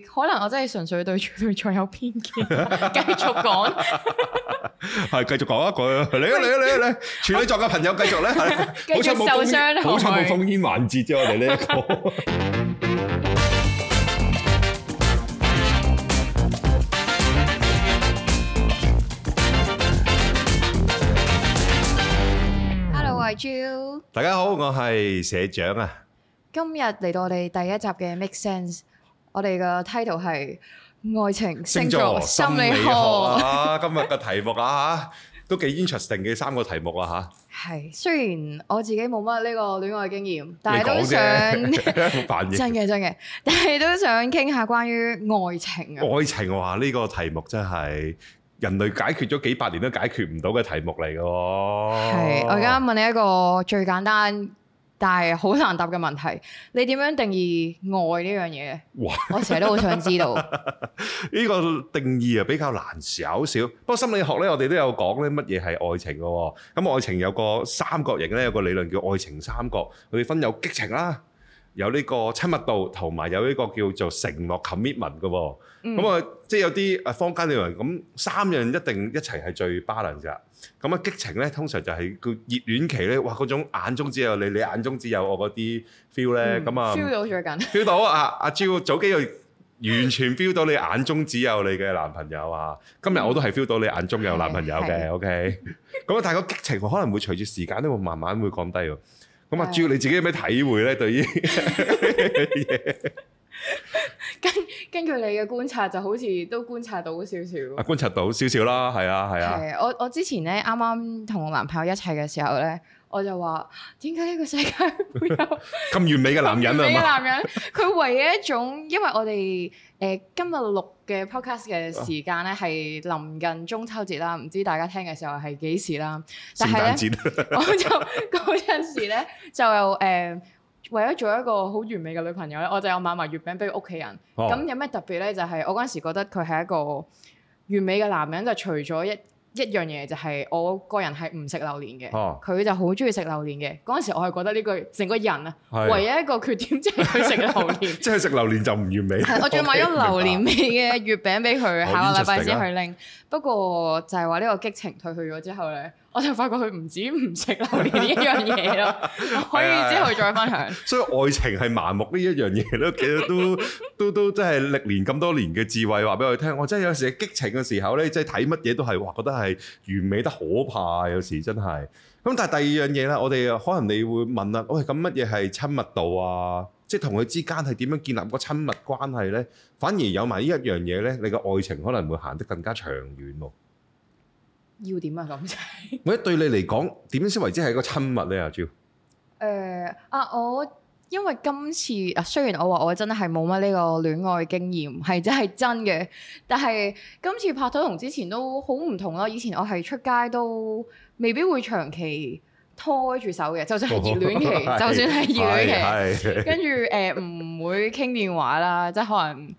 可能我真係純粹對處女座有偏見，繼續講，係繼續講一句，嚟啊嚟啊嚟啊嚟！處女座嘅朋友繼續咧，繼續受傷，好彩冇烽煙環節，即係我哋呢一個。Hello，Joe，大家好，我係社長啊，今日嚟到我哋第一集嘅 Make Sense。我哋嘅 title 係愛情星座心理學啊！今日嘅題目啊吓，都幾 interesting 嘅三個題目啊吓。係，雖然我自己冇乜呢個戀愛經驗，但係都想真嘅真嘅，但係都想傾下關於愛情啊。愛情話呢個題目真係人類解決咗幾百年都解決唔到嘅題目嚟嘅。係，我而家問你一個最簡單。但係好難答嘅問題，你點樣定義愛呢樣嘢？哇 我成日都好想知道。呢 個定義啊比較難少少，不過心理學呢，我哋都有講咧，乜嘢係愛情嘅喎？咁愛情有個三角形呢，有個理論叫愛情三角，佢分有激情啦。有呢個親密度，同埋有呢個叫做承諾 commitment 嘅喎、哦。咁啊、嗯，即係有啲啊坊間啲人，咁三樣一定一齊係最 balance 嘅。咁啊，激情咧通常就係叫熱戀期咧，哇！嗰種眼中只有你，你眼中只有我嗰啲 feel 咧。咁、嗯、啊，feel 到最緊，feel 到啊阿 Jo、啊啊、早幾日完全 feel 到你眼中只有你嘅男朋友啊。嗯、今日我都係 feel 到你眼中有男朋友嘅。OK 的。咁啊，但係個激情可能會隨住時間都會慢慢會降低喎。咁、嗯、啊，主要你自己有咩體會咧？對於 根根據你嘅觀察，就好似都觀察到少少。啊，觀察到少少啦，係啊，係啊。係啊，我我之前咧啱啱同我男朋友一齊嘅時候咧。我就話點解呢個世界會有咁 完美嘅男人啊，完美嘅男人。佢 唯一一種，因為我哋誒、呃、今日錄嘅 podcast 嘅時間咧，係臨近中秋節啦，唔知大家聽嘅時候係幾時啦？但係咧，誕 我就嗰陣時咧就誒、呃、為咗做一個好完美嘅女朋友咧，我就有買埋月餅俾屋企人。咁、哦、有咩特別咧？就係、是、我嗰陣時覺得佢係一個完美嘅男人，就除咗一一樣嘢就係我個人係唔食榴蓮嘅，佢、oh. 就好中意食榴蓮嘅。嗰陣時我係覺得呢句成個人啊，唯一一個缺點 就係佢食榴蓮，即係食榴蓮就唔完美。 我仲買咗榴蓮味嘅月餅俾佢， 哦、下個禮拜先去拎。啊、不過就係話呢個激情退去咗之後咧。我就發覺佢唔止唔食榴槤呢一樣嘢咯，可以之後再分享。所以愛情係盲目呢一樣嘢咧，其實都都都真係歷年咁多年嘅智慧話俾我哋聽，我真係有時激情嘅時候咧，即係睇乜嘢都係哇覺得係完美得可怕，有時真係。咁但係第二樣嘢啦，我哋可能你會問啦，喂，咁乜嘢係親密度啊？即係同佢之間係點樣建立個親密關係咧？反而有埋呢一樣嘢咧，你嘅愛情可能會行得更加長遠喎。要點啊？咁滯，我覺得對你嚟講點先為之係一個親密咧啊 Jo。誒啊！我因為今次啊，雖然我話我真係冇乜呢個戀愛經驗，係真係真嘅，但係今次拍拖同之前都好唔同咯。以前我係出街都未必會長期拖住手嘅，就算係熱戀期，就算係熱戀期，跟住誒唔會傾電話啦，即係可能。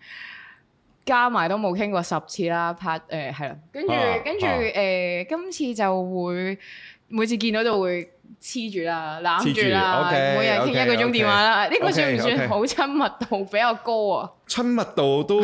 加埋都冇傾過十次啦，拍誒係啦，跟住跟住誒今次就會每次見到都會黐住啦，攬住啦，okay, 每日傾一個鐘電話啦，呢、okay, okay, okay, okay, 個算唔算好親密度比較高啊？親密度都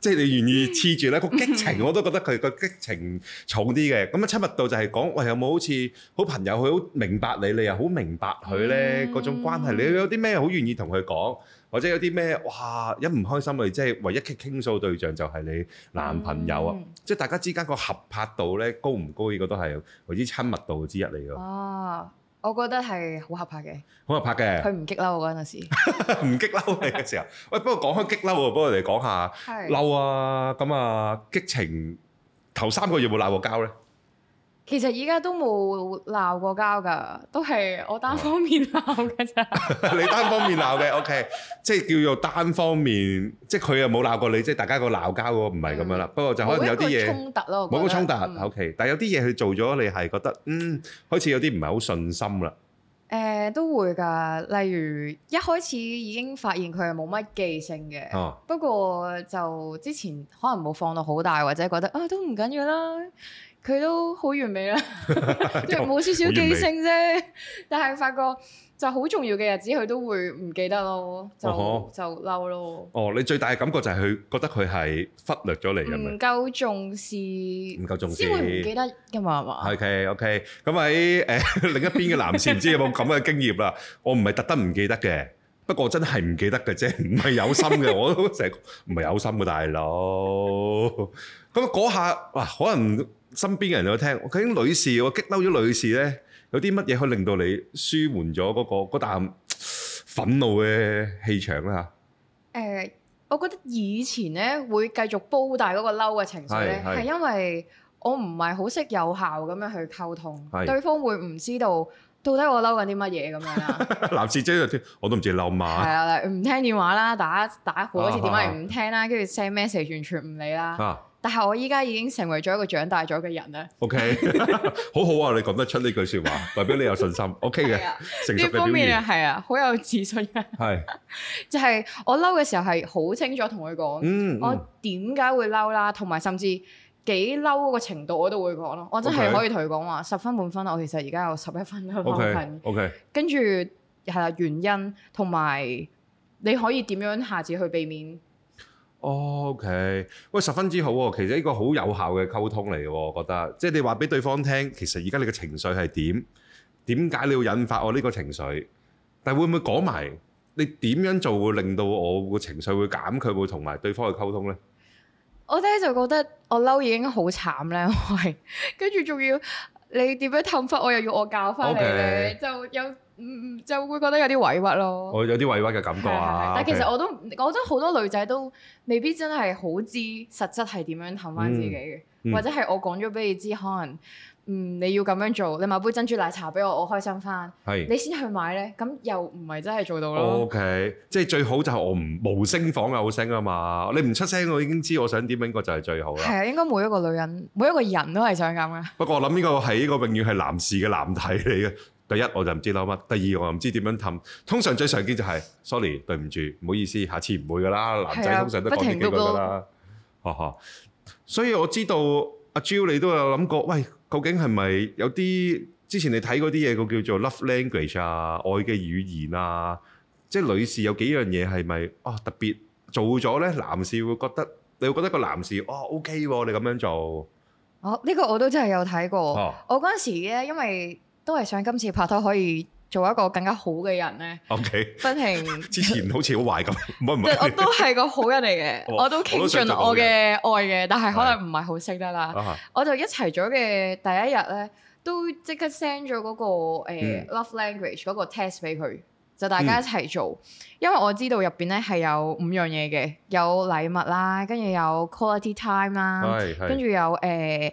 即係你願意黐住咧，個激情我都覺得佢個激情重啲嘅。咁啊親密度就係講喂有冇好似好朋友佢好明白你，你又好明白佢咧嗰種關係。你有啲咩好願意同佢講？或者有啲咩哇，一唔開心你即係唯一傾傾訴對象就係你男朋友啊！即係大家之間個合拍度咧高唔高？呢個都係為之親密度之一嚟㗎。啊，我覺得係好合拍嘅，好合拍嘅。佢唔激嬲我嗰陣時，唔激嬲你嘅時候。喂，不過講開激嬲啊，不如我哋講下嬲啊！咁啊，激情頭三個月有冇鬧過交咧？其實依家都冇鬧過交㗎，都係我單方面鬧嘅咋。 你單方面鬧嘅，OK， 即係叫做單方面，即係佢又冇鬧過你，即係大家個鬧交喎，唔係咁樣啦。不過就可能有啲嘢衝突咯，啊，冇個衝突，嗯，OK。但係有啲嘢佢做咗，你係覺得嗯，開始有啲唔係好信心啦。誒都、嗯、會㗎，例如一開始已經發現佢係冇乜記性嘅。嗯、不過就之前可能冇放到好大，或者覺得啊，啊都唔緊要啦。佢都好完美啦，即係冇少少記性啫。但係發覺就好重要嘅日子，佢都會唔記得咯，就就嬲咯。哦，你最大嘅感覺就係佢覺得佢係忽略咗你嘅，唔夠重視，唔夠重視先會唔記得㗎嘛？係嘛？係嘅，OK。咁喺誒另一邊嘅男士，唔知有冇咁嘅經驗啦？我唔係特登唔記得嘅，不過真係唔記得嘅啫，唔係有心嘅。我成日唔係有心嘅大佬。咁嗰下哇，可能～身邊嘅人有聽，我傾女士，我激嬲咗女士咧，有啲乜嘢可以令到你舒緩咗嗰、嗰個嗰啖憤怒嘅氣場咧？嚇？誒，我覺得以前咧會繼續煲大嗰個嬲嘅情緒咧，係因為我唔係好識有效咁樣去溝通，是對方會唔知道到底我嬲緊啲乜嘢咁樣啦。男士即係我都唔知嬲嘛，係 啊，唔聽電話啦，打打好似點解唔聽啦，跟住 send message 完全唔理啦。啊。但係我依家已經成為咗一個長大咗嘅人咧。OK， 好好啊！你講得出呢句説話，代表你有信心。OK 嘅，呢方面係啊，好有自信嘅、啊。係、啊， 就係我嬲嘅時候係好清楚同佢講，嗯、我點解會嬲啦，同埋甚至幾嬲嗰個程度我都會講咯。我真係可以同佢講，話十分滿分。我其實而家有十一分多分。OK，, okay 跟住係啊，原因同埋你可以點樣下次去避免？O、okay. K，喂十分之好喎，其實呢個好有效嘅溝通嚟嘅，我覺得，即係你話俾對方聽，其實而家你嘅情緒係點，點解你要引發我呢個情緒？但係會唔會講埋你點樣做會令到我個情緒會減，佢會同埋對方去溝通呢？我咧就覺得我嬲已經好慘咧，喂， 跟住仲要。你點樣氹忽我又要我教翻你，Okay. 就有嗯就會覺得有啲委屈咯。我有啲委屈嘅感覺啊，對對對！但其實我都我覺得，好 Okay. 多女仔都未必真係好知實質係點樣氹翻自己嘅，嗯嗯、或者係我講咗俾你知，可能。嗯，你要咁樣做，你買杯珍珠奶茶俾我，我開心翻，是你先去買咧，咁又唔係真係做到咯。OK，即係最好就係我唔無聲勝有聲啊嘛，你唔出聲，我已經知我想點，應該就係最好啦。係啊，應該每一個女人、每一個人都係想咁嘅。不過我諗呢個係呢個永遠係男士嘅難題嚟嘅。第一我就唔知嬲乜，第二我又唔知點樣氹。通常最常見就係、是，sorry，對唔住，唔好意思，下次唔會噶啦。男仔通常都講啦的，哈哈。 所以我知道阿 Jo 你都有諗過，喂。究竟係咪有啲之前你睇嗰啲嘢，個叫做 Love Language 啊，愛嘅語言啊，即係女士有幾樣嘢，係咪啊特別做咗呢，男士會覺得你會覺得個男士哦 OK、啊、你咁樣做哦呢、這個我都真係有睇過。哦、我嗰陣時咧，因為都係想今次拍拖可以。做一個更加好嘅人咧，OK，不停之前好似好壞咁，即係我都係個好人嚟嘅，我都傾盡我嘅愛嘅，但係可能唔係好識得啦。我就一齊咗嘅第一日咧，都即刻 send 咗嗰個誒 Love Language 嗰個 test 俾佢，就大家一齊做，因為我知道入邊咧係有五樣嘢嘅，有禮物啦，跟住有 quality time 啦，跟住有誒。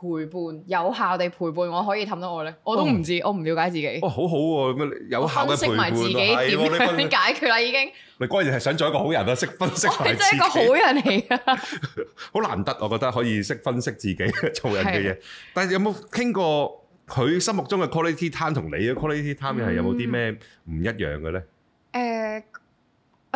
陪伴，有效地陪伴我可以氹到我咧，我都唔知，我唔了解自己。哇、哦，好好咁啊有效嘅分析埋自己點、啊、樣解決啦，已經。你果然係想做一個好人啊，識分析埋真係一個好人嚟噶。好 難得，我覺得可以識分析自己做人嘅嘢。的但係有冇傾過佢心目中嘅 quality time 同你嘅 quality time 係、嗯、有冇啲咩唔一樣嘅咧？誒、呃。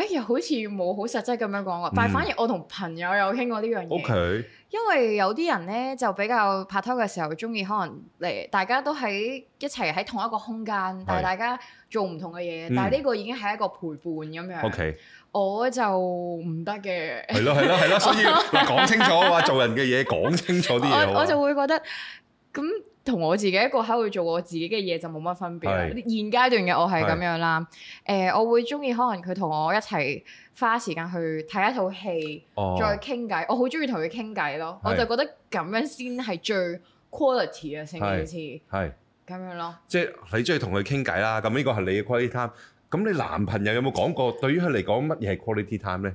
誒、欸、又好似冇好實際咁樣講喎，但係、嗯、反而我同朋友有傾過呢樣嘢，okay, 因為有啲人咧就比較拍拖嘅時候中意可能嚟，大家都喺一齊喺同一個空間，是但係大家做唔同嘅嘢，嗯、但係呢個已經係一個陪伴咁樣。Okay, 我就唔得嘅。係咯係咯係咯，所以講 清楚話做人嘅嘢，講清楚啲嘢。我，嗎我就會覺得咁。同我自己一個喺度做我自己嘅嘢就冇乜分別。現階段嘅我係咁樣啦。誒，我會中意可能佢同我一齊花時間去睇一套戲，哦、再傾偈。我好中意同佢傾偈咯。是的 我就覺得咁樣先係最 quality 嘅成件事。係咁樣咯即。即係你中意同佢傾偈啦。咁呢個係你嘅 quality time。咁你男朋友有冇講過對於佢嚟講乜嘢係 quality time 咧？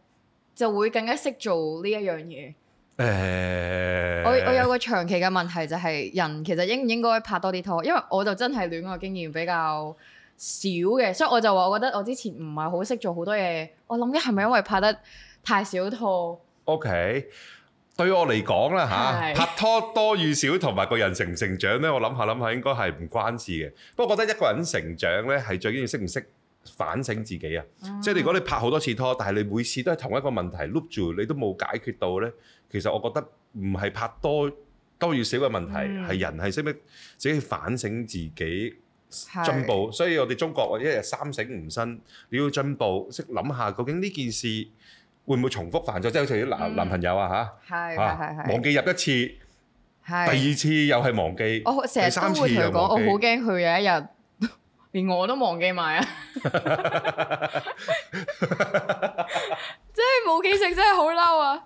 就會更加識做呢一樣嘢。誒、欸，我我有個長期嘅問題就係、是、人其實應唔應該拍多啲拖，因為我就真係戀愛經驗比較少嘅，所以我就話我覺得我之前唔係好識做好多嘢。我諗緊係咪因為拍得太少拖？OK，對於我嚟講啦嚇，啊、是拍拖多與少同埋個人成唔成長呢，我諗下諗下應該係唔關事嘅。不過覺得一個人成長呢，係最緊要識唔識，反省自己啊！即係如果你拍好多次拖，但係你每次都係同一個問題 look 住，你都冇解決到呢。其實我覺得唔係拍多多與少嘅問題，係、嗯、人係識唔識自己反省自己進步。是所以我哋中國話一日三省吾身，你要進步，識諗下究竟呢件事會唔會重複犯錯，即係好似啲男男朋友、嗯、啊嚇嚇、啊、忘記入一次，是第二次又係忘記，第三次又忘記。我成日都會同佢講，我好驚佢有一日。連我都忘記埋啊！即係冇記性真係好嬲啊！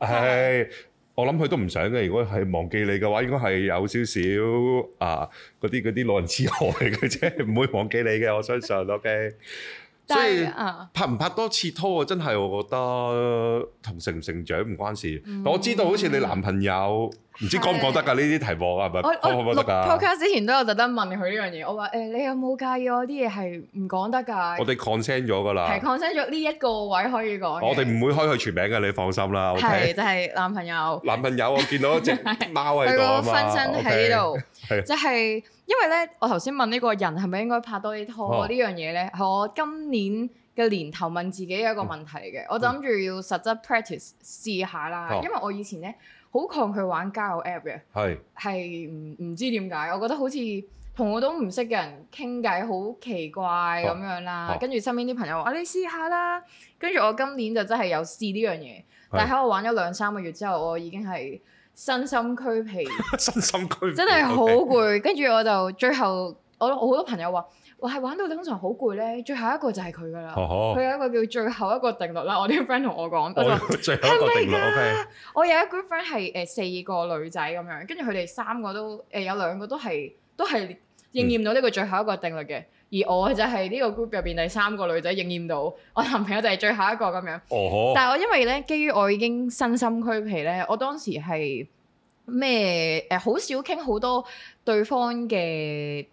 係，我諗佢都唔想嘅。如果係忘記你嘅話，應該係有少少啊，嗰啲啲老人痴呆嘅啫，唔會忘記你嘅。我相信，OK。Okay? 但是所以拍唔拍多次拖啊？真係我覺得同成唔成長唔關事。我知道好似你男朋友、嗯。嗯嗯唔知講唔講得㗎？呢啲題目係咪講唔講得㗎？我錄 podcast 之前都有特登問佢呢樣嘢，我話誒你有冇介意我啲嘢係唔講得㗎？我哋 concern 咗㗎啦，係 concern 咗呢一個位可以講。我哋唔會開佢全名㗎，你放心啦。係就係男朋友，男朋友我見到隻貓喺度啊嘛。我分身喺呢度，就係因為咧，我頭先問呢個人係咪應該拍多啲拖呢樣嘢咧，係我今年嘅年頭問自己一個問題嘅，我就諗住要實質 practice 試下啦，因為我以前咧，好抗拒玩交友 app 嘅，係係唔唔知點解，我覺得好似同我都唔識嘅人傾偈，好奇怪咁樣啦。哦、跟住身邊啲朋友話：你試下啦。跟住我今年就真係有試呢樣嘢，但係喺我玩咗兩三個月之後，我已經係身心俱疲， 身心俱疲，真係好攰。okay 跟住我就最後，我我好多朋友話。我係玩到通常好攰咧，最後一個就係佢㗎喇。佢 有一個叫最後一個定律啦，我啲 friend 同我講。 最後一個定律。是是 Okay. 我有一 group friend 係誒四個女仔咁樣，跟住佢哋三個都誒有兩個都係都係應驗到呢個最後一個定律嘅。 而我就係呢個 group 入邊第三個女仔應驗到，我男朋友就係最後一個咁樣。 但係我因為咧，基於我已經身心俱疲咧，我當時係咩誒好少傾好多對方嘅。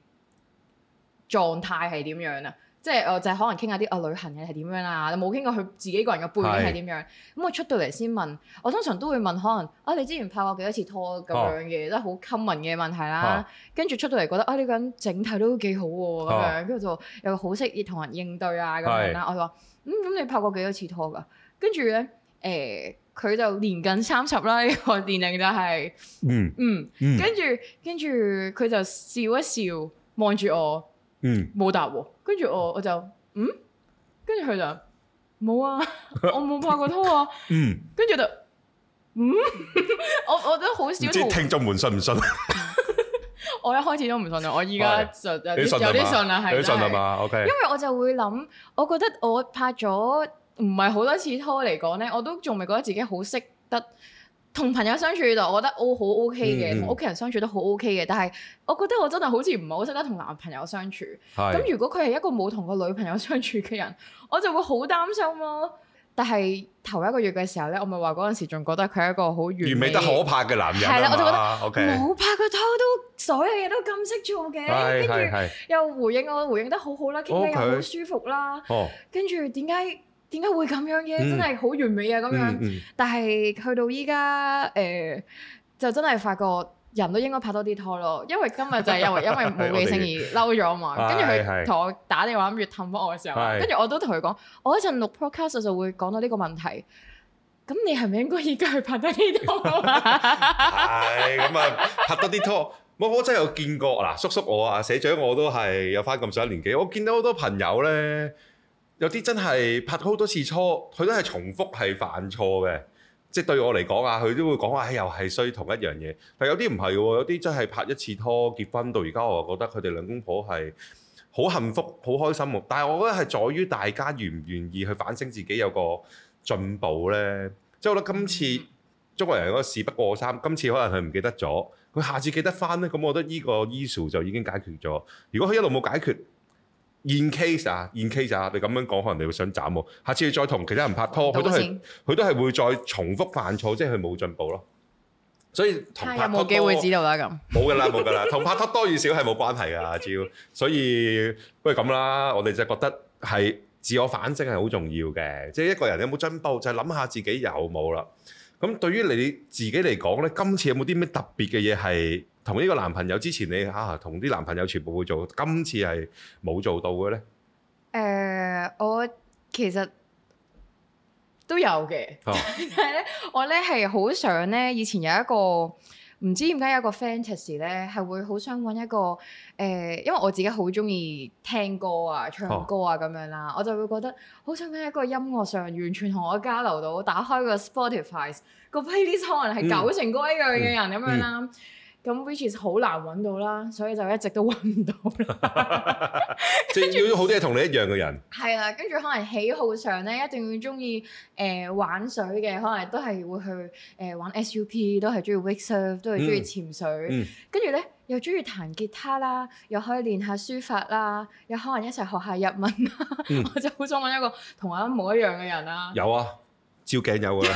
狀態係點樣聊聊啊？即係我就係可能傾下啲啊旅行嘅係點樣啦。你冇傾過佢自己個人嘅背景係點樣？咁我出到嚟先問，我通常都會問可能啊，你之前拍過幾多次拖咁樣嘅，都係好 common 嘅問題啦。跟住出到嚟覺得啊，呢個人整體都幾好喎，咁樣跟住就又好識同人應對啊咁樣啦。我就話：嗯，咁你拍過幾多次拖㗎？跟住咧，誒，佢就年近三十啦，呢個年齡就係嗯嗯，跟住跟住佢就笑一笑望住我。嗯嗯嗯嗯嗯嗯嗯嗯嗯、啊，冇答喎。跟住我我就，嗯，跟住佢就冇啊，我冇拍過拖啊。 嗯，跟住就，嗯， 我我都好少都。唔知聽眾們信唔信？ 我一開始都唔信，啊。我依家就有啲信啦，係啦。信 okay. 因為我就會諗，我覺得我拍咗唔係好多次拖嚟講咧，我都仲未覺得自己好識得。同朋友相處就我覺得我好 O K 嘅，同屋企人相處都好 O K 嘅。但係我覺得我真係好似唔係好識得同男朋友相處。咁是的 如果佢係一個冇同個女朋友相處嘅人，我就會好擔心咯、啊。但係頭一個月嘅時候咧，我咪話嗰陣時仲覺得佢係一個好完美、完美得可怕嘅男人啦。我就覺得冇拍過拖都所有嘢都咁識做嘅，跟住的又回應我，我回應得好好啦，傾偈又好舒服啦。跟住點解？哦點解會咁樣嘅？真係好完美啊！咁樣，嗯嗯，但係去到依家誒，就真係發覺人都應該多拍多啲拖咯。因為今日就係因為冇記性而嬲咗啊嘛。 們跟住佢同我打電話諗住氹我嘅時候，跟住我都同佢講，我一陣錄 podcast 就會講到呢個問題。咁你係咪應該而家去拍多啲拖啊？係咁啊！拍多啲拖，我 我真係有見過嗱，叔叔我啊，社長我都係有翻咁上下年紀，我見到好多朋友咧。有啲真係拍好多次拖，佢都係重複係犯錯嘅。即係對我嚟講啊，佢都會講啊、哎，又係衰同一樣嘢。但有啲唔係喎，有啲真係拍一次拖結婚到而家，我覺得佢哋兩公婆係好幸福，好開心喎。但係我覺得係在於大家願唔願意去反省自己有個進步呢。即係我覺得今次中國人嗰個事不過三，今次可能佢唔記得咗，佢下次記得返呢。咁我覺得呢個 issue 就已經解決咗。如果佢一路冇解決，現 case 啊，現 case 啊，你咁樣講，可能你會想斬我。下次再同其他人拍拖，佢等等 都係佢都係會再重複犯錯，即係佢冇進步咯。所以同拍拖多冇機會知道啦，咁冇㗎啦，冇㗎啦，同 拍拖多與少係冇關係㗎，只要所以不如咁啦。我哋就覺得係自我反省係好重要嘅，即係一個人有冇進步就係諗下自己有冇啦。咁對於你自己嚟講咧，今次有冇啲咩特別嘅嘢係？同呢個男朋友之前你，你下下同啲男朋友全部會做，今次係冇做到嘅咧。誒、呃，我其實都有嘅，哦、但係咧，我咧係好想咧，以前有一個唔知點解有一個 fantasy 咧，係會好想搵一個誒、呃，因為我自己好中意聽歌啊、唱歌啊咁樣啦，哦、我就會覺得好想喺一個音樂上完全同我交流到，打開個 Spotify 個 playlist 可能係九成歌一樣嘅人咁樣啦。嗯、嗯、嗯。咁 which is 好難揾到啦，所以就一直都揾唔到 著。即係要好多同你一樣嘅人。係啦，跟住可能喜好上咧，一定要中意誒玩水嘅，可能都係會去誒、呃、玩 SUP，都係中意 wake surf，都係中意潛水。跟住咧又中意彈吉他啦，又可以練下書法啦，又可能一齊學下日文啦。嗯、 我就好想揾一個同我一模一樣嘅人啦。有啊。照鏡有啦，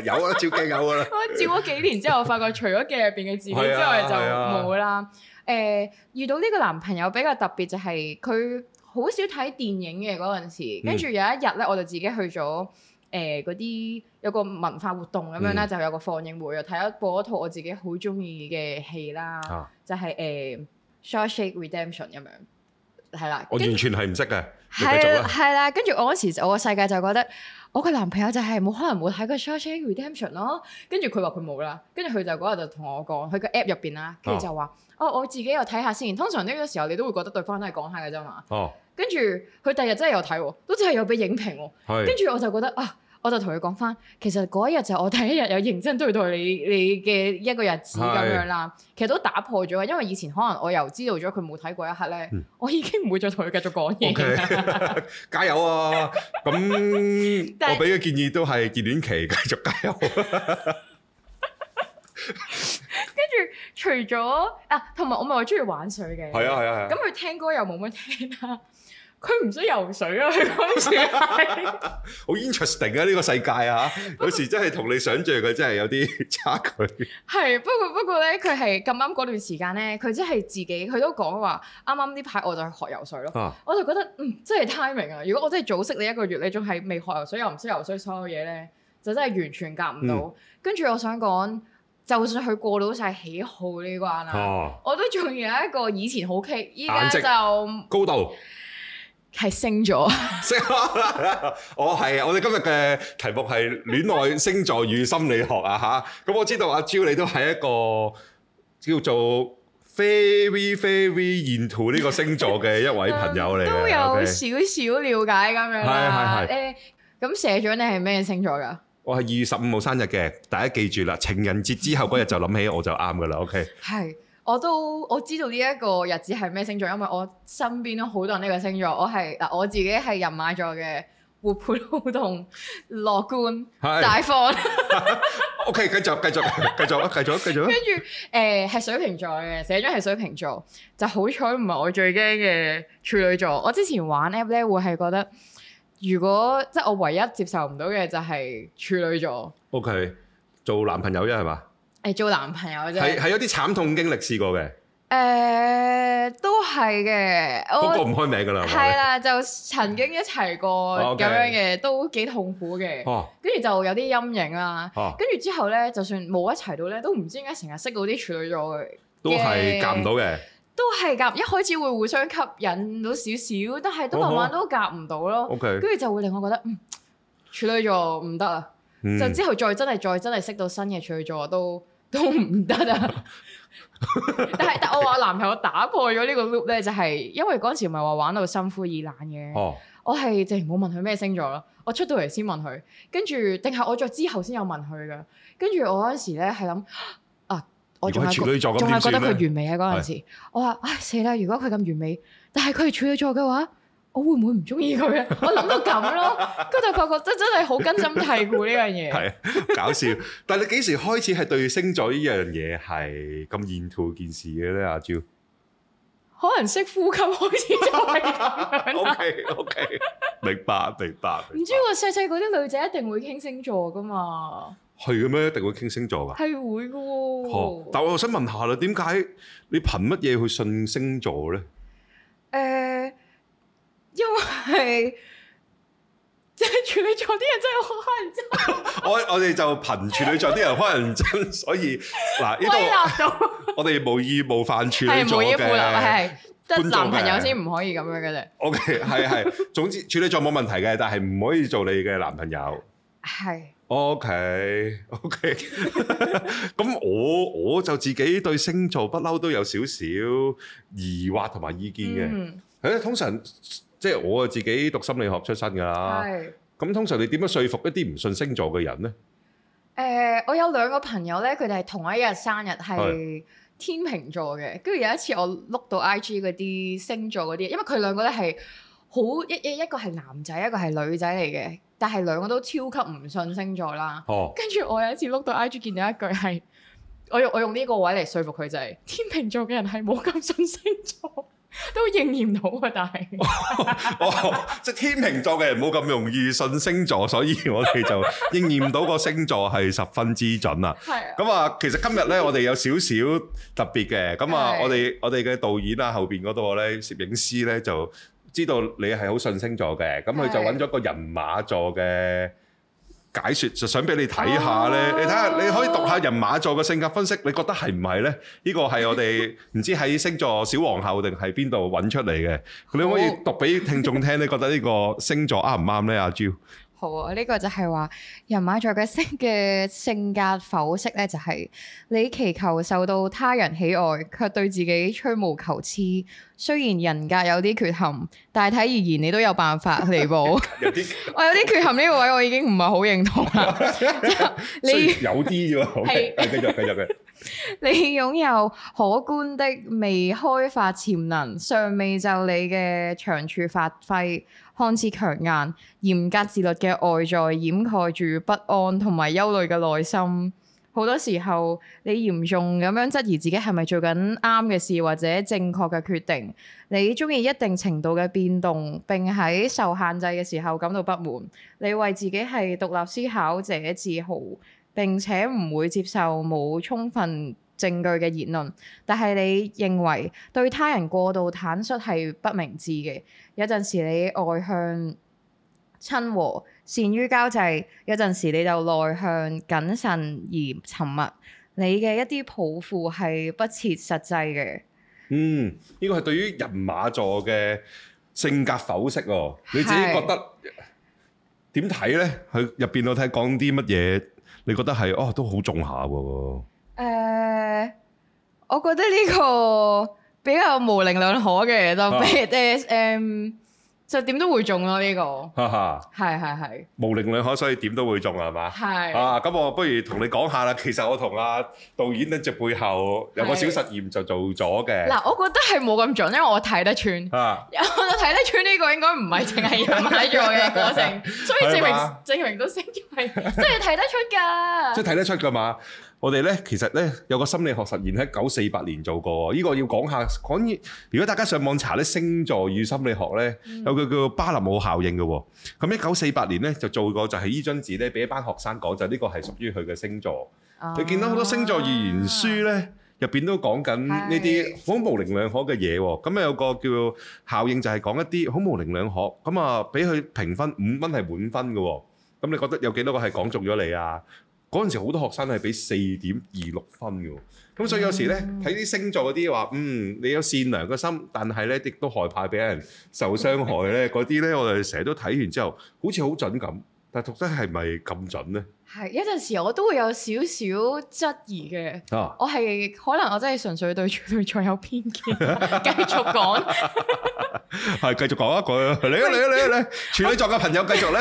有啊，照鏡有啦。 我照咗幾年之後，我發覺除咗鏡入邊嘅自己之外就冇啦。誒、 啊啊嗯，遇到呢個男朋友比較特別，就係佢好少睇電影嘅嗰陣時。跟住有一日咧，我就自己去咗誒嗰啲有個文化活動咁樣啦， 啊、就有個放映會，睇一播一套我自己好中意嘅戲啦，就係、是、誒《Shawshank、呃、Redemption》咁 Red 樣，係啦。我完全係唔識嘅，對繼續啦。係啦，跟住我嗰時就我個世界就覺得。我個男朋友就係冇可能冇睇過《Shawshank Redemption》咯，他他跟住佢話佢冇啦，跟住佢就嗰日就同我講，佢個 App 入邊啦，跟住就話哦，我自己又睇下先。通常呢個時候你都會覺得對方都係講下嘅啫嘛。哦。跟住佢第二日真係有睇，都真係有俾影評。係。跟住我就覺得啊。我就同佢講翻，其實嗰一日就係我第一日有認真對待你你嘅一個日子咁樣啦。是的 其實都打破咗，因為以前可能我由知道咗佢冇睇過一刻咧，嗯、我已經唔會再同佢繼續講嘢。加油啊！咁 但 我俾嘅建議都係熱戀期繼續加油 跟。跟住除咗啊，同埋我咪話中意玩水嘅，係啊係啊，咁佢的的聽歌又冇乜聽啊。佢唔識游水啊。佢似係。好 interesting 啊！呢、呢個世界啊，過有時真係同你想象嘅真係有啲差距。係，不過不過咧，佢係咁啱嗰段時間咧，佢即係自己，佢都講話，啱啱呢排我就去學游水咯。啊、我就覺得嗯，真係 timing 啊！如果我真係早識你一個月，你仲係未學游水又唔識游水所有嘢咧，就真係完全夾唔到。嗯、跟住我想講，就算佢過到晒喜好呢關啦、啊啊啊，我都仲有一個以前好 key，依家就高度。係，星座啊！星啊！我係啊！我哋今日嘅題目係戀愛星座與心理學啊！吓，咁我知道阿朱你都係一個叫做 very veryinto 呢個星座嘅一位朋友嚟嘅，都有少少瞭解咁樣。係係係誒咁，社長你係咩星座噶？我係二月十五號生日嘅，大家記住啦！情人節之後嗰日就諗起我就啱噶啦。OK。係。我都我知道呢一個日子係咩星座，因為我身邊都好多人呢個星座。我係嗱，我自己係人馬座嘅，活潑好動、樂觀、的大方。O K，繼續繼續繼續繼續繼續。跟住誒係水瓶座嘅，寫咗係水瓶座，就好彩唔係我最驚嘅處女座。我之前玩 app 咧，會係覺得如果即係我唯一接受唔到嘅就係處女座。OK，做男朋友啫係嘛？做男朋友啫，係係有啲慘痛經歷試過嘅。誒、呃，都係嘅。嗰個唔開名㗎啦，係啦，就曾經一齊過咁樣嘅，哦 okay. 都幾痛苦嘅。跟住、哦、就有啲陰影啦。跟住、哦、之後咧，就算冇一齊到咧，都唔知點解成日識到啲處女座嘅，都係夾唔到嘅。都係夾，一開始會互相吸引到少少，但係都慢慢都夾唔到咯。跟住、哦 okay. 就會令我覺得，嗯，處女座唔得啊。嗯、就之後再真係再真係識到新嘅處女座都。都唔得啊！ 但係是 Okay. 但我話我男朋友打破咗呢個 loop 咧，就係、是、因為嗰陣時唔係話玩到心灰意冷嘅。Oh. 我係淨係冇問佢咩星座咯，我出到嚟先問佢，跟住定係我再之後先有問佢噶。跟住我嗰陣時咧係諗啊，我仲係處女座，仲係覺得佢完美啊嗰陣時。是我話唉死啦！如果佢咁完美，但係佢係處女座嘅話我會唔會唔中意佢啊？我諗到咁咯，佢就發覺真真係好根深蒂固呢樣嘢。係搞笑，但係你幾時開始係對星座呢樣嘢係咁 into 件事嘅咧？阿 Jo， 可能識呼吸開始就係。OK OK。明白明白。唔知喎、啊，細細嗰啲女仔一定會傾星座噶嘛？係嘅咩？一定會傾星座㗎。係會嘅喎、啊。 但係我想問下啦，點解你憑乜嘢去信星座咧？誒、呃。因為即係 處女座啲人真係好乞人憎，我我哋就憑處女座啲人乞人憎，所以嗱呢度我哋無意冒犯處女座嘅，係男朋友先唔可以咁樣嘅啫。 OK，係係，總之處女座冇問題嘅，但係唔可以做你嘅男朋友。係 OK，OK 是。咁 Okay, okay. 我我就自己對星座不嬲都有少少疑惑同埋意見嘅，誒通常。 即係我自己讀心理學出身噶啦，咁是通常你點樣說服一啲唔信星座嘅人呢？誒、呃，我有兩個朋友呢，佢哋係同一日生日，係天秤座嘅。跟住有一次我碌到 IG 嗰啲星座嗰啲，因為佢兩個呢係好一一一個係男仔，一個係女仔嚟嘅，但係兩個都超級唔信星座啦。哦，跟住我有一次碌到 IG 見到一句係，我用我用呢個位嚟說服佢就係、是、天秤座嘅人係冇咁信星座。都應驗到喎，但係，即係天秤座嘅人冇咁容易信星座，所以我哋就應驗到個星座係十分之準啦。係，咁啊，其實今日咧，我哋有少少特別嘅，咁啊，我哋我哋嘅導演啊，後邊嗰度咧，攝影師咧就知道你係好信星座嘅，咁佢就揾咗個人馬座嘅。解説，就想俾你睇下，呢，你睇下你可以讀下人馬座嘅性格分析，你覺得係唔係呢？呢個係我哋唔知喺星座小皇后定係邊度揾出嚟嘅，好你可以讀俾聽眾聽，你覺得呢個星座啱唔啱呢？阿朱，好啊，呢個就係話人馬座嘅性嘅性格剖析呢就係你祈求受到他人喜愛，卻對自己吹毛求疵。雖然人格有啲缺陷，大體而言你都有辦法彌補。有啲，我有啲缺陷呢個位，我已經唔係好認同啦。 你有啲啫 OK，繼續繼續嘅。你擁有可觀的未開發潛能，尚未就你嘅長處發揮，看似強硬、嚴格自律嘅外在掩蓋住不安同埋憂慮嘅內心。好多時候，你嚴重咁樣質疑自己係咪做緊啱嘅事或者正確嘅決定。你中意一定程度嘅變動，並喺受限制嘅時候感到不滿。你為自己係獨立思考者自豪，並且唔會接受冇充分證據嘅言論。但係你認為對他人過度坦率係不明智嘅。有陣時你外向親和。善於交際，有陣時你就內向、謹慎而沉默。你嘅一啲抱負係不切實際嘅。嗯，呢個係對於人馬座嘅性格剖析喎。你自己覺得點睇是呢？佢入邊我睇講啲乜嘢，你覺得係哦都好重下喎、啊呃。我覺得呢個比較模棱兩可嘅，就誒誒。就點都會中咯呢、 呢個，係係係模棱兩可，所以點都會中係嘛？係是啊，咁我不如同你講下啦。其實我同阿導演喺只背後有個小實驗就做咗嘅。嗱，我覺得係冇咁準，因為我睇得穿啊，我就睇得穿呢個應該唔係淨係買咗嘅過程， 吧所以證明證明都識係，即係睇得出㗎， 即係睇得出㗎嘛。我哋咧，其實咧有個心理學實驗喺九四八年做過，呢、這個要講下。講如果大家上網查咧，星座與心理學咧、嗯、有個叫巴納姆效應嘅喎。咁一九四八年咧就做過就，就係呢張紙咧俾一班學生講，就、這、呢個係屬於佢嘅星座。哦、你見到好多星座預言書咧，入邊都講緊呢啲好模棱兩可嘅嘢喎。咁有個叫效應就係講一啲好模棱兩可。咁啊，俾佢評分五分係滿分嘅喎。咁你覺得有幾多個係講中咗你啊？嗰陣時好多學生都係俾四點二六分嘅，咁所以有時咧睇啲星座嗰啲話，嗯，你有善良嘅心，但係咧亦都害怕俾人受傷害咧，嗰啲咧我哋成日都睇完之後，好似好準咁，但係讀得係咪咁準咧？係，有陣時我都會有少少質疑嘅。我係可能我真係純粹對處女座有偏見。繼續講，係繼續講一句，嚟啊嚟啊嚟啊嚟！處女座嘅朋友繼續咧，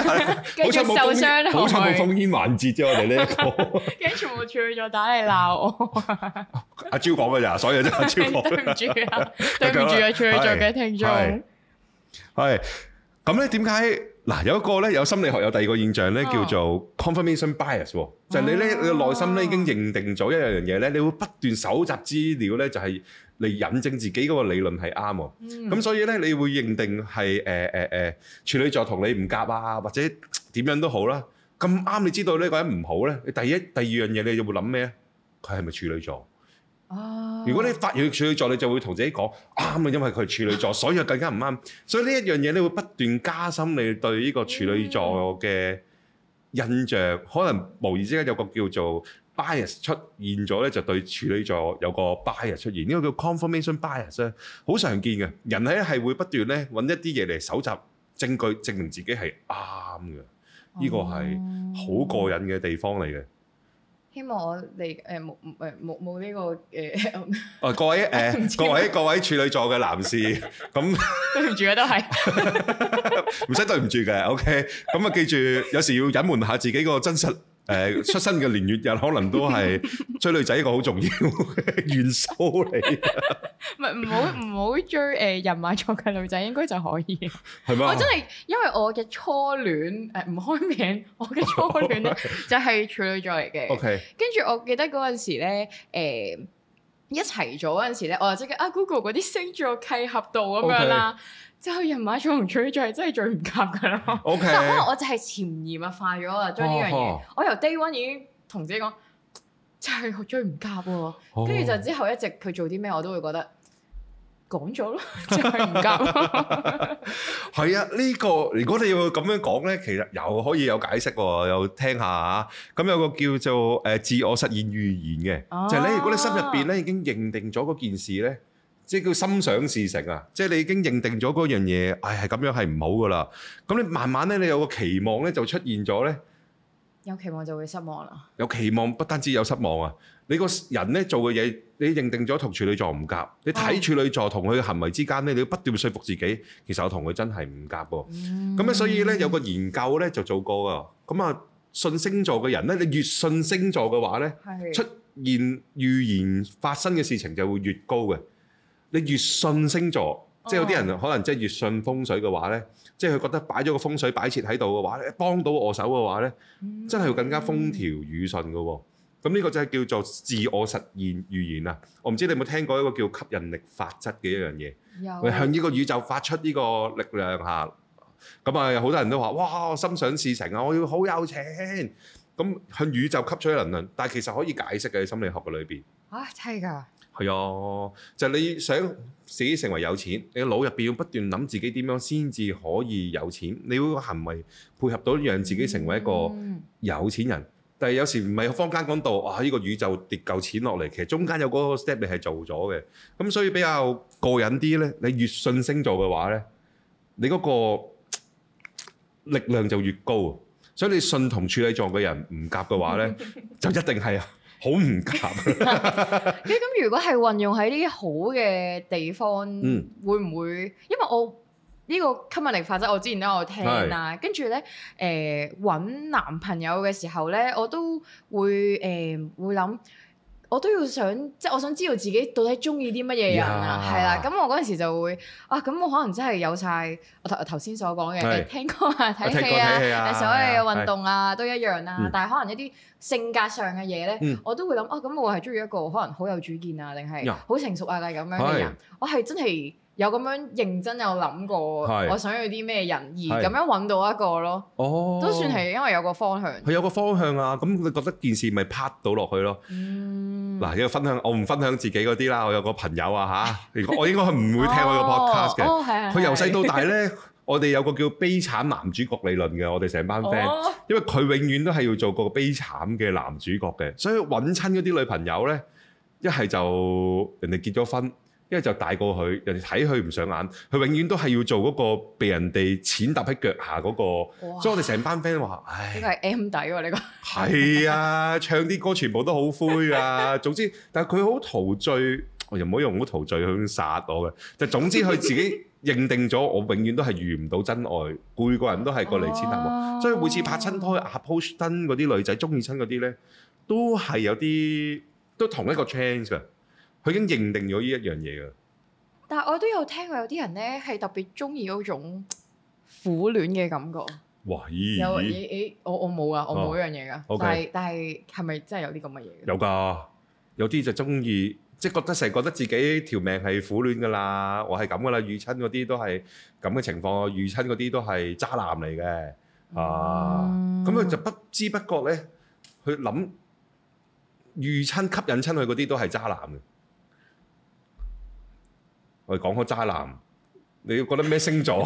好彩冇受傷，好彩冇烽煙環節啫，我哋呢一個。驚全部處女座打你鬧我。阿蕉講嘅咋，所以就阿蕉講。對唔住啊，對唔住啊，處女座嘅聽眾。係咁咧，點解？嗱，有一個咧，有心理學有第二個現象咧，叫做 confirmation bias 喎，oh. 就你咧，你內心咧已經認定咗一樣嘢咧，oh. 你會不斷搜集資料咧，就係嚟引證自己嗰個理論係啱喎。咁、oh. 所以咧，你會認定係誒誒誒處女座同你唔夾啊，或者點樣都好啦。咁啱，你知道呢個人唔好咧，你第一、第二樣嘢，你就會諗咩啊？佢係咪處女座？哦！如果你發現處女座，你就會同自己講啱啊，因為佢係處女座，所以更加唔啱。所以呢一樣嘢，你會不斷加深你對呢個處女座嘅印象。可能無意之間有個叫做 bias 出現咗咧，就對處女座有個 bias 出現。呢個叫 confirmation bias 咧，好常見嘅人咧係會不斷咧揾一啲嘢嚟搜集證據證明自己係啱嘅。呢個係好過癮嘅地方嚟嘅。希望我哋誒冇誒冇冇呢個誒哦、呃、各位誒、呃、唔知各位各位處女座嘅男士，咁對唔住啊，都係唔使對唔住嘅。OK，咁啊記住，有時要隱瞞下自己個真實。誒 出生嘅年月日可能都係追女仔一個好重要嘅元素嚟。 唔係，唔好唔好追誒、呃、人馬座嘅女仔應該就可以。係咩嗎？我真係因為我嘅初戀誒唔、呃、開名，我嘅初戀咧就係處女座嚟嘅。 OK。跟住我記得嗰陣時咧誒、呃、一齊咗嗰陣時咧，我就即刻啊 Google 嗰啲星座契合度咁樣啦。Okay. 即係人馬座同處女座係真係最唔夾噶咯。O K，就可能我就係潛移默化咗啊，將呢樣嘢。哦、我由 day one 已經同自己講，就係最唔夾喎。跟住、哦、就之後一直佢做啲咩我都會覺得講咗咯，即係唔夾。係 啊，呢、這個如果你要咁樣講咧，其實又可以有解釋喎，又聽下嚇。咁有個叫做誒、呃、自我實現預言嘅，就係、是、咧，如果你心入邊咧已經認定咗嗰件事咧。即係叫心想事成啊！即係你已經認定咗嗰樣嘢，唉係咁樣係唔好㗎啦。咁你慢慢咧，你有個期望咧，就出現咗咧。有期望就會失望啦。有期望不單止有失望啊！你個人咧做嘅嘢，你認定咗同處女座唔夾，你睇處女座同佢嘅行為之間咧，你要不斷說服自己，其實我同佢真係唔夾噃。咁咧，所以咧有個研究咧就做過啊。咁啊，信星座嘅人咧，你越信星座嘅話咧，出現預言發生嘅事情就會越高嘅。你越信星座，即係有啲人可能即係越信風水嘅話，呢、oh. 即係佢覺得擺咗個風水擺設喺度嘅話，幫到我手嘅話，呢、mm. 真係要更加風調雨順嘅喎。咁、嗯、呢個就係叫做自我實現預言啊！我唔知你有冇聽過一個叫吸引力法則嘅一樣嘢，有向呢個宇宙發出呢個力量吓，咁啊，好多人都話：「哇，心想事成啊！我要好有錢！」咁向宇宙吸取能量，但係其實可以解釋嘅心理學嘅裏邊，啊，真係㗎！係啊，就係、你想自己成為有錢，你腦入邊要不斷諗自己點樣先至可以有錢，你要行為配合到讓自己成為一個有錢人。嗯、但係有時唔係坊間講到，哇、啊！依、呢個宇宙跌嚿錢落嚟，其實中間有嗰個 step 你係做咗嘅。咁所以比較過癮啲呢，你越信星座嘅話呢，你嗰個力量就越高。所以你信同處女座嘅人唔夾嘅話呢， 就一定係啊！好唔夾？咁 如果係運用喺啲好嘅地方，嗯、會唔會？因為我呢、呢個吸引力法則，我之前都有聽啦。跟住咧，誒、呃、揾男朋友嘅時候咧，我都會誒、呃、會諗。我都要想，即、就、係、是、我想知道自己到底中意啲乜嘢人啊，係啦 Yeah.、啊，咁我嗰陣時就會啊，咁我可能真係有晒。我頭頭先所講嘅，誒聽歌啊、睇戲 Yeah. 啊、啊啊所有嘅運動啊 Yeah. 都一樣啦、啊，mm. 但係可能一啲性格上嘅嘢咧，mm. 我都會諗啊，咁我係中意一個可能好有主見啊，定係好成熟啊嘅咁、啊、Yeah. 樣嘅人，Yeah. Yeah. 我係真係。有咁樣認真有諗過，是 我想要啲咩人，而咁樣揾到一個咯，哦、都算係因為有個方向。佢有個方向啊，咁佢覺得件事咪拍到落去咯。嗱、嗯，有個分享，我唔分享自己嗰啲啦。我有個朋友啊嚇， 我應該唔會聽我個、哦、podcast 嘅。佢由細到大呢， 我哋有個叫悲慘男主角理論嘅，我哋成班 friend，因為佢永遠都係要做個悲慘嘅男主角嘅，所以揾親嗰啲女朋友呢，一係就人哋結咗婚。因為就大過佢，人哋睇佢唔上眼，佢永遠都係要做嗰個被人哋踐踏喺腳下嗰個。哇所以我哋成班 friend 話，唉，呢個係 M 底喎，呢個。係啊，唱啲歌全部都好灰啊。總之，但係佢好陶醉，我又唔好用好陶醉，去已殺我嘅。就總之，佢自己認定咗，我永遠都係遇唔到真愛，每個人都係過嚟踐踏我。哦、所以每次拍親拖、approach 親嗰啲女仔，中意親嗰啲咧，都係有啲都同一個 trend 嘅。佢已經認定咗呢一樣嘢噶，但係我都有聽過有啲人咧係特別中意嗰種苦戀嘅感覺。哇咦咦咦！我我冇噶，我冇嗰樣嘢噶。但係但係係咪真係有啲咁嘅嘢？有㗎，有啲就中意，即係覺得成日覺得自己條命係苦戀㗎啦。我係咁㗎啦，遇親嗰啲都係咁嘅情況，遇親嗰啲都係渣男嚟嘅。啊，咁佢就不知不覺咧，去諗遇親吸引親佢嗰啲都係渣男嘅。我哋講開渣男，你要覺得咩星座？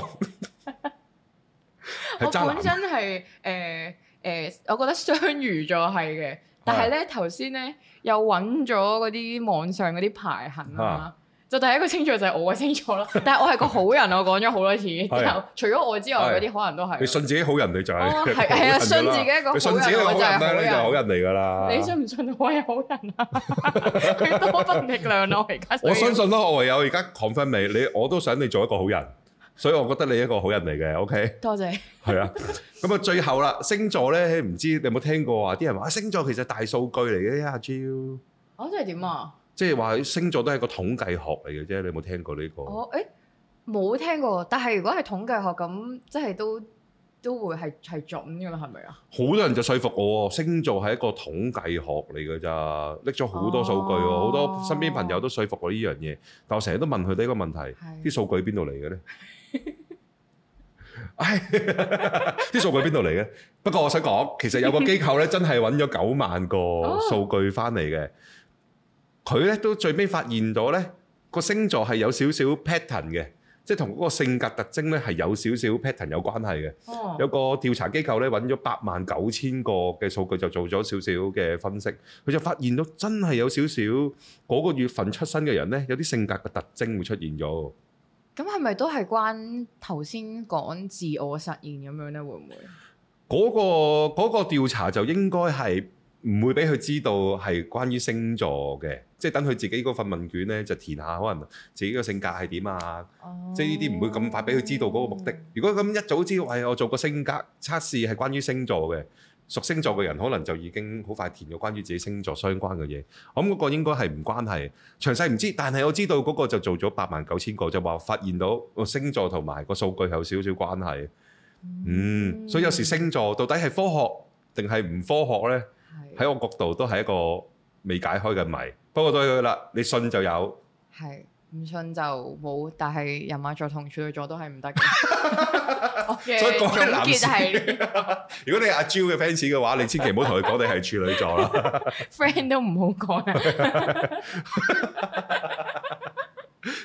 男我本身係誒誒，我覺得雙魚座係嘅，但係咧頭先咧又揾咗嗰啲網上嗰啲排行啊就第一個星座就係我嘅星座啦，但係我係個好人，我講咗好多次，之後除咗我之外嗰啲可能都係，你信自己好人你就係，係係啊！信自己一個好人你就係好人嚟㗎啦。你信唔信我係好人啊？佢多分力量咯，而家我相信啦，我唯有而家 confirm 你，你我都想你做一個好人，所以我覺得你係一個好人嚟嘅。OK，多謝。係啊，咁啊，最後啦，星座咧，唔知你有冇聽過話，啲人話星座其實大數據嚟嘅，阿招啊，真係點啊？即係話星座都係個統計學嚟嘅啫，你有冇聽過呢個？我誒冇聽過，但係如果係統計學咁，即係都都會係係準嘅啦，係咪啊？好多人就説服我星座係一個統計學嚟嘅咋，拎咗好多數據喎，好多身邊朋友都説服我呢樣嘢，但我成日都問佢呢個問題：啲數據喺邊度嚟嘅咧？哎，啲數據喺邊度嚟嘅？不過我想講，其實有個機構咧，真係揾咗九萬個數據翻嚟嘅。佢咧都最尾發現到咧，個星座係有少少 pattern 嘅，即係同嗰個性格特徵咧係有少少 pattern 有關係嘅。哦，oh. 有個調查機構咧揾咗八萬九千個嘅數據，就做咗少少嘅分析，佢就發現到真係有少少嗰個月份出生嘅人咧，有啲性格嘅特徵會出現咗。咁係咪都係關頭先講自我實現咁樣咧？會唔會？嗰、那個嗰、那個調查就應該係。唔會俾佢知道係關於星座嘅，即係等佢自己嗰份問卷咧就填下，可能自己個性格係點啊？哦、即係呢啲唔會咁快俾佢知道嗰個目的。嗯、如果咁一早知道，哎，我做個性格測試係關於星座嘅，熟星座嘅人可能就已經好快填咗關於自己星座相關嘅嘢。我諗嗰個應該係唔關係，詳細唔知，但係我知道嗰個就做咗八萬九千個，就話發現到個星座同埋個數據有少少關係。嗯，嗯嗯，所以有時星座到底係科學定係唔科學呢？喺我角度都係一個未解開嘅謎，不過都係佢啦，你信就有，係唔信就冇，但係人馬座同處女座都係唔得。 okay, 所以講起 如果你阿 Jo 嘅 fans 嘅話，你千祈唔好同佢講你係處女座啦。 Friend 都唔好講。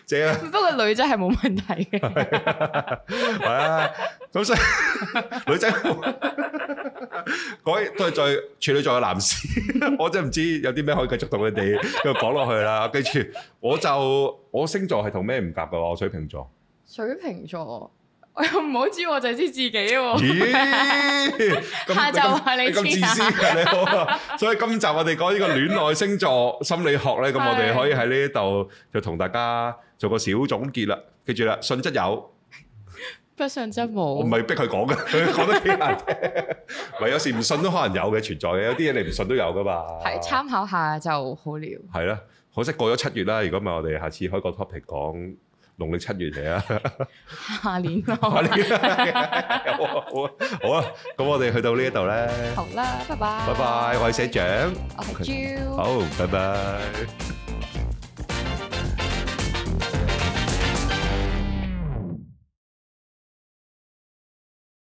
姐 啊，不過女仔係冇問題嘅。係 啊， 好犀利，女仔。對都係係處女座嘅男士， 我真係唔知有啲咩可以繼續同佢哋咁講落去啦。跟 住，我就我星座係同咩唔夾噶喎？我水瓶座，水瓶座 我又唔好知，我就知自己喎、啊。咦？ 下集係你知先嘅，你好。所以今集我哋講呢個戀愛星座心理學咧，咁 我哋可以喺呢度就同大家做個小總結啦。記住啦，信則有。不信真冇，我唔係逼佢講嘅，佢講得幾難聽。咪有時唔信都可能有嘅存在嘅，有啲嘢你唔信都有噶嘛。係參考下就好了。係啦，可惜過咗七月啦。如果唔係，我哋下次開個 topic 講農曆七月嚟啊。下年。好啊，好啊，咁我哋去到呢一度咧。好啦，拜拜。拜拜，我係社長。我係 Jo。好，拜拜。